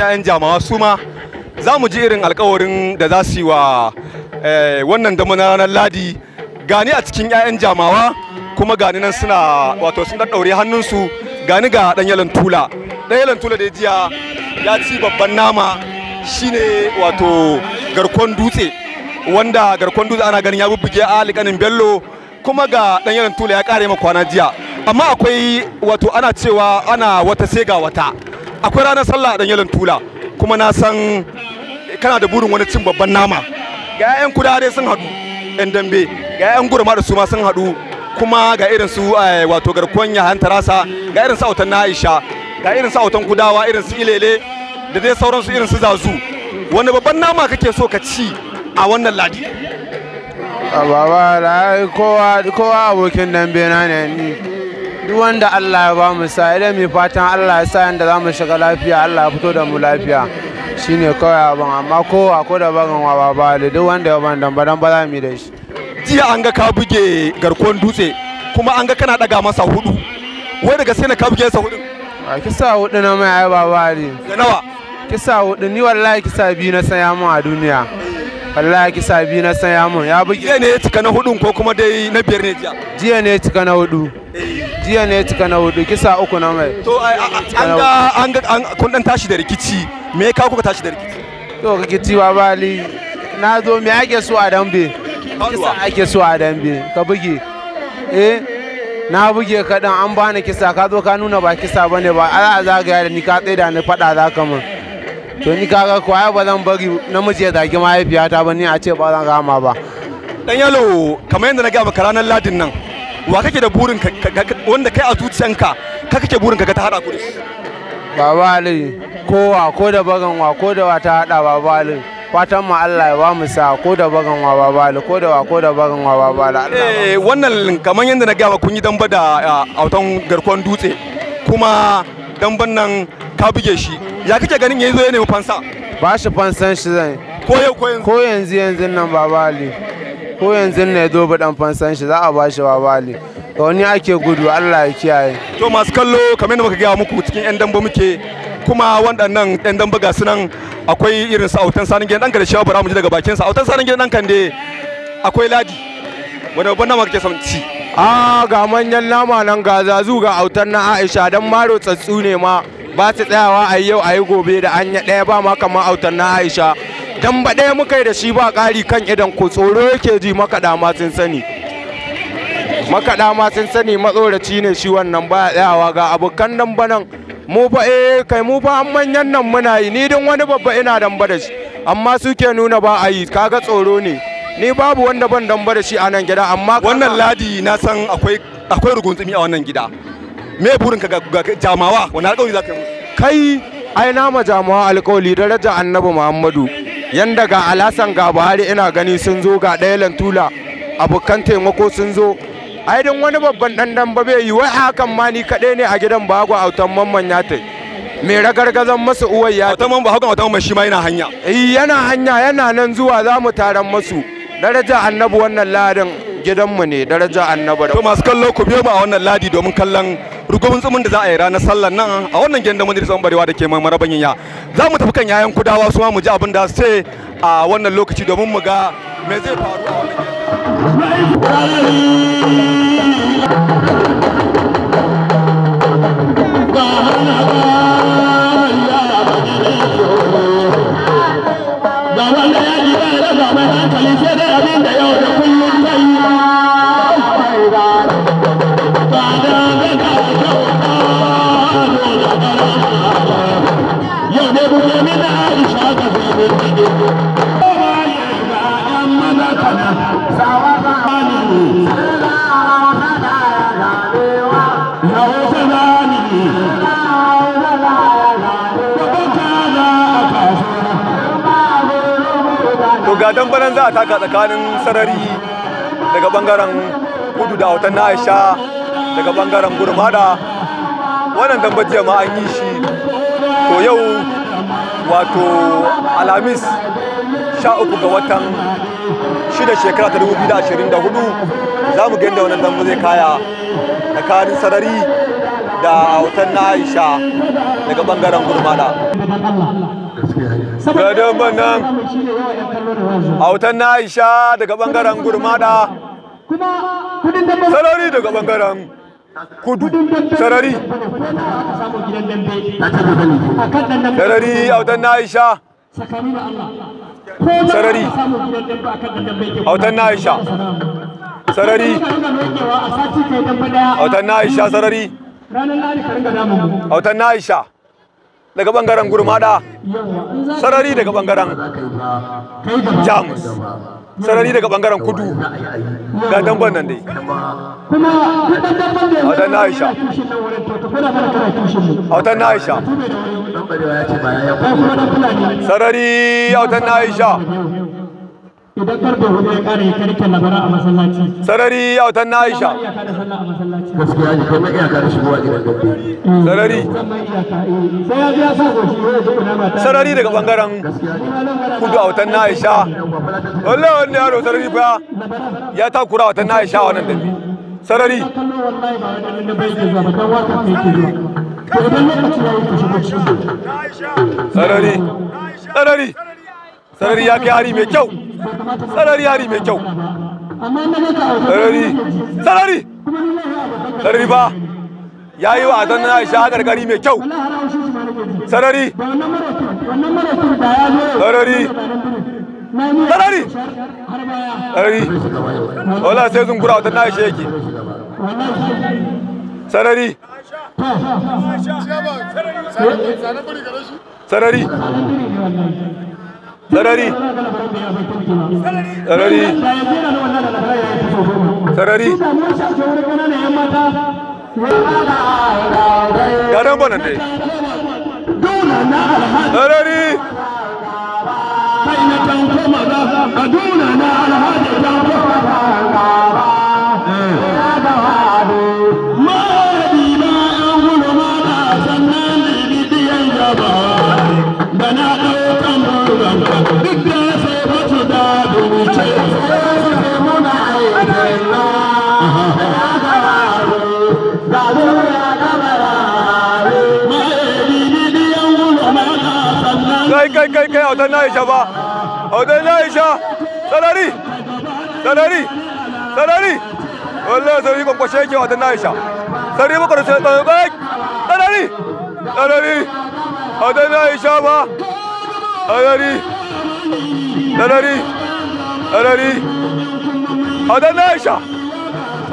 'ya'yan jamawa su ma za mu ji irin alkawarin da za su yi wa eh, wannan dama na ranar ladi gani a cikin 'ya'yan jamawa kuma gani nan suna wato sun ɗaɗɗaure hannunsu gani ga ɗan yalan tula ɗan yalan tula da jiya ya ci babban nama shine wato garkon dutse wanda garkon dutse ana ganin ya bubbuge alikanin bello kuma ga ɗan yalan tula ya ƙare ma kwana jiya amma akwai wato ana cewa ana wata sai ga wata akwai ranar sallah a danyalin tula kuma na san kana da burin wani cin babban nama ga 'yan dai sun haɗu 'yan dambe ga 'yan gurma da su ma sun haɗu kuma ga irin su eh, wato ya hanta rasa ga irin su autan na aisha ga irin su autan kudawa irin su ilele da dai sauransu irin su zazu wani babban nama kake so ka ci a wannan ladi ah, baba da kowa abokin dambe na ne duk wanda Allah ya ba mu sa idan mai fatan Allah ya sa yanda za mu shiga lafiya Allah ya fito da mu lafiya shine kawai abin amma ko a ko da bagan wa ba duk wanda ya ban dan ba dan ba za mu da shi jiya an ga ka buge garkon dutse kuma an ga kana daga masa hudu wai daga sai na ka buge sa hudu a kisa hudu na mai ai ba ba da nawa kisa hudu ni wallahi kisa biyu na saya mu a duniya wallahi kisa bi na saya mun ya bugi jiya ne ya cika na hudu ko kuma dai na biyar ne jiya jiya ne ya cika na hudu jiya ne ya cika na hudu kisa uku na mai to an ga an kun dan tashi da rikici me ya kawo kuka tashi da rikici to rikici ba bali na zo me ake so a dambe kisa ake so a dambe ka bugi eh na buge ka dan an bani kisa ka zo ka nuna ba kisa bane ba a za a zagaya da ni ka da ni fada za ka mun to ni kaga ko ai ba zan bari namiji ya zagi mahaifiyata ba ni a ce ba zan rama ba dan yalo kamar yadda na ga maka ranar ladin nan wa kake da burin wanda kai a zuciyanka ka kake burin ka ta hada ku baba ali kowa ko da bagan wa ko da wa ta hada baba ali fatan ma Allah ya ba mu sa ko da bagan wa ali ko da wa ko da bagan wa babala eh wannan kamar yanda na gaba kun yi damba da ah, autan garkon dutse kuma damban nan ka buge shi ya kake ganin ya zo ya nemi fansa ba shi fansan shi zan ko yau ko yanzu ko yanzu yanzu nan baba ali ko yanzu ne dobe dan fansan shi za a ba shi baba ali to wani ake gudu Allah ya kiyaye to masu kallo kamar yadda muka gaya muku cikin yan damba muke kuma waɗannan yan damba ga sunan akwai irin su autan sanin gidan dan karshe bara mu ji daga bakin sa autan sanin gidan dan kande akwai ladi wani babban nama kake son ci a ah, ga manyan nama nan ga zazu ga autan na Aisha dan maro tsatsu ne ma ba ta tsayawa a yau a yi gobe da anya ɗaya ba ma kamar autar na aisha dan ba ɗaya muka yi da shi ba ƙari kan idan ku tsoro yake ji makaɗa ma sun sani makaɗa ma sun sani matsoraci ne shi wannan ba tsayawa ga abokan ba nan mu ba eh kai mu ba an manyan nan muna yi ni dan wani babba ina dan ba da shi amma suke nuna ba a yi kaga tsoro ne ni babu wanda ban dan ba da shi a nan gida amma wannan ladi na san akwai akwai rugunzumi a wannan gida me burinka ga jamawa wani alƙawari za ka yi kai ai na ma jamawa alƙawari daraja annabi muhammadu yanda ga alasan ga buhari ina gani sun zo ga ɗaya lantula abokan taimako sun zo ai don wani babban ɗanɗan ba bai yi wai hakan ma ni kaɗai ne a gidan bago autan mamman ya tai mai ragargazan masu uwai ya autan mamman hakan autan mamman shi ma yana hanya eh, yana hanya yana nan zuwa za mu taron masu daraja annabi wannan ladin gidanmu ne daraja annabi to masu kallo ku biyo mu a wannan ladi domin kallon rugun tsumin da za a yi ranar sallar nan a wannan gyandan wani tsohon barewa da ke maraban ya za mu tafi kan yayan kudawa su mu ji abin da sai a wannan lokaci domin mu ga me zai faru a wannan dan banan za a taka tsakanin sarari daga bangaren kudu da autan na aisha daga bangaren gurmada wannan dambe jiya ma an yi shi to yau wato alhamis sha uku ga watan shida shekara ta dubu biyu da ashirin da hudu za mu ganda wannan dambe zai kaya tsakanin sarari da autan na aisha daga bangaren gurmada ga bannan. autan na aisha daga bangaren gurmada sarari daga bangaren kudu sarari sarari autan na aisha sarari autan na aisha sarari autan na aisha sarari autan na aisha daga bangaren gurmada sarari daga bangaren jamus sarari daga bangaren kudu ga damban nan dai hautan aisha hautan aisha sarari hautan aisha idan a masallaci sarari na aisha eh, sarari eh, ya ji sarari daga bangaren kudu na aisha wallahi yaro sarari fa ya takura na aisha wannan sarari sarari sarari sarari ya kai hari mai kyau sarari yari mai kyau sarari sarari salari ba ya yi wa adon na isha gargari mai kyau sarari sarari sarari sarari wala sai gura wata yake sarari sarari sarari sarari sarari gadon banan dai sarari na alhaji kai kai kai autan na isha ba autan na isha sarari sarari sarari wallahi sarari kwakwashe yake autan na isha sarari bakar sai tsaye kai sarari sarari autan na isha ba sarari sarari sarari autan na isha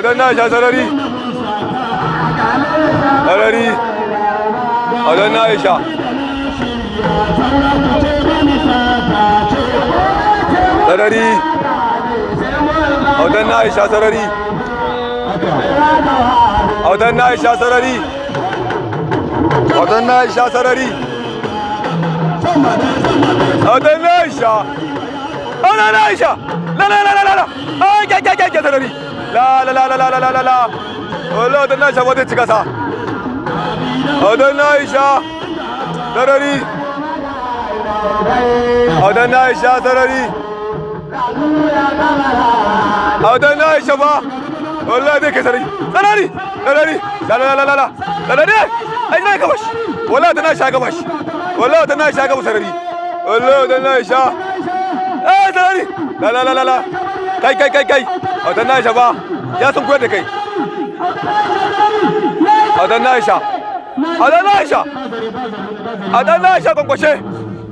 autan na isha sarari sarari autan na isha sarari audan na aisha sarari audan na aisha sarari audan na aisha sarari audan na aisha audan na aisha la la la la la la ai kai kai sarari la la la la la la la la wallah audan na aisha wata cika sa audan na aisha sarari Audan na Aisha sarari. Audan na Aisha ba. Wallahi de kai sarari. Sarari. Sarari. La la la la la. La la dai. Ai na gabash. Wallahi audan na Aisha gabash. Wallahi da na Aisha gabash sarari. Wallahi da na Aisha. Eh sarari. La la la la la. Kai kai kai kai. da na sha ba. Ya sun koyar da kai. da na Aisha. da na Aisha. da na sha Aisha kwankwashe.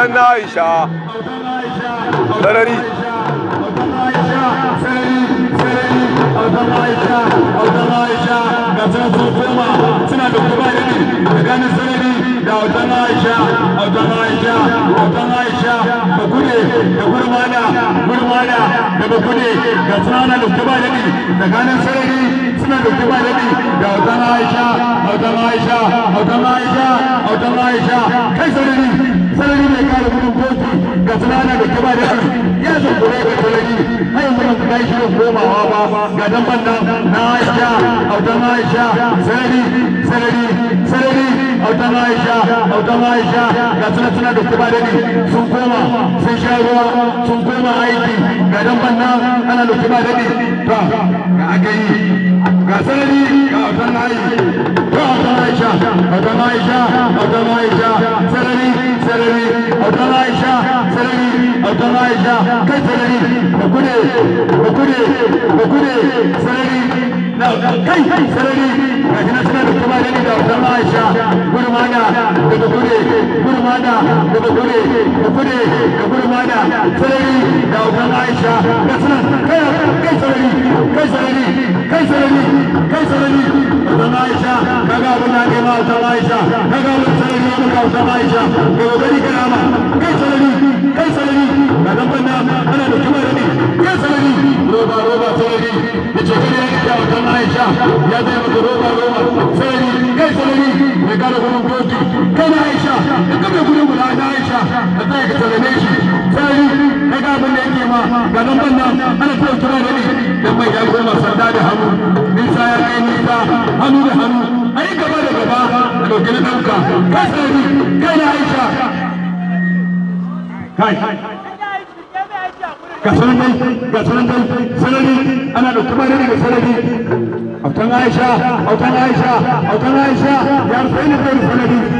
matan na aisha sarari suna da kuma yanayi da ganin sarari da autan aisha autan aisha autan aisha da gurmana gurmana da bakude ga suna da kuma da ganin sarari suna da kuma da autan aisha autan aisha autan aisha autan aisha kai sarari sarari mai kare gudun doki ga sunana da kaba da ya zurkure ga sarari har yanzu ban kai shi komawa ba ga dan bannan na aisha autan aisha sarari sarari sarari autan aisha autan aisha ga sunan suna da kaba da sun koma sun sha ruwa sun koma aiki ga dan bannan ana da kaba da ta ga yi. ga sanadi ga autan nayi ga autan aisha autan aisha autan aisha sanadi sanadi autan aisha sanadi autan aisha kai sanadi ba kude ba kude ba kai sanadi ga shi da da aisha gurmana daga kude da kude da gurmana sarari da wutan aisha da sunan kai kai sarari kai sarari kai sarari kai sarari wutan aisha kaga abin da nema wutan aisha kaga abin sarari ya muka wutan aisha ga gari karama kai sarari kai sarari ga dan banna ana da kuma rabi kai sarari roba roba sarari da ce kare ya wutan aisha ya zai maka roba roba sarari kai sarari mai kada gurin doki kana ga nan ban nan ana so kira da ne dan mai ya goma sanda da hannu nisa ya kai nisa hannu da hannu a yi gaba da gaba a ɗauki na ɗauka kai sauri kai na aisha kai ga sanan dai ga sanan dai sanani ana da kuma dai ga sanani autan aisha autan aisha autan aisha ya rufe ni da sanani